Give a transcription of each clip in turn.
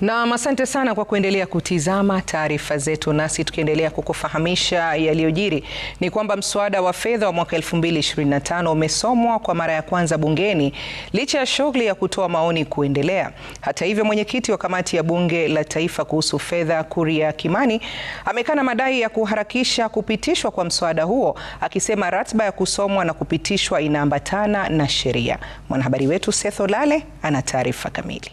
Naam, asante sana kwa kuendelea kutizama taarifa zetu, nasi tukiendelea kukufahamisha yaliyojiri ni kwamba mswada wa fedha wa mwaka 2025 umesomwa kwa mara ya kwanza bungeni licha ya shughuli ya kutoa maoni kuendelea. Hata hivyo, mwenyekiti wa kamati ya bunge la taifa kuhusu fedha, Kuria Kimani, amekana madai ya kuharakisha kupitishwa kwa mswada huo, akisema ratiba ya kusomwa na kupitishwa inaambatana na sheria. Mwanahabari wetu Seth Olale ana taarifa kamili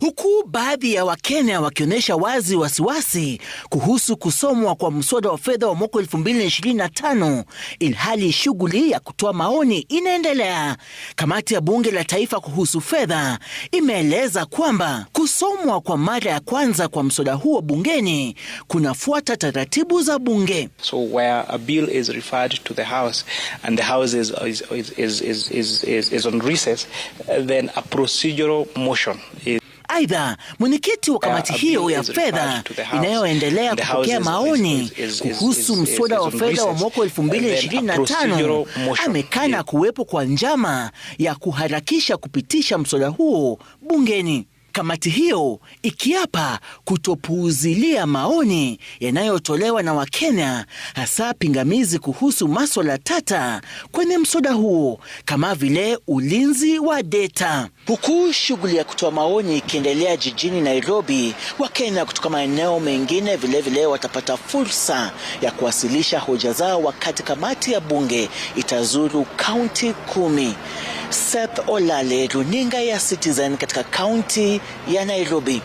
huku baadhi ya Wakenya wakionyesha wazi wasiwasi kuhusu kusomwa kwa mswada wa fedha wa mwaka 2025 ilhali shughuli ya kutoa maoni inaendelea. Kamati ya bunge la taifa kuhusu fedha imeeleza kwamba kusomwa kwa mara ya kwanza kwa mswada huo bungeni kunafuata taratibu za bunge. So where a bill is referred to the house and the house is, is, is, is, is, is on recess, then a procedural motion is Aidha, mwenyekiti wa uh, kamati uh, hiyo ya fedha inayoendelea kupokea maoni kuhusu mswada wa fedha wa mwaka 2025 amekana kuwepo kwa njama ya kuharakisha kupitisha mswada huo bungeni. Kamati hiyo ikiapa kutopuuzilia maoni yanayotolewa na Wakenya hasa pingamizi kuhusu maswala tata kwenye mswada huo kama vile ulinzi wa data. Huku shughuli ya kutoa maoni ikiendelea jijini Nairobi, Wakenya kutoka maeneo mengine vilevile vile watapata fursa ya kuwasilisha hoja zao wakati kamati ya bunge itazuru kaunti kumi. Seth Olale, runinga ya Citizen katika kaunti ya Nairobi.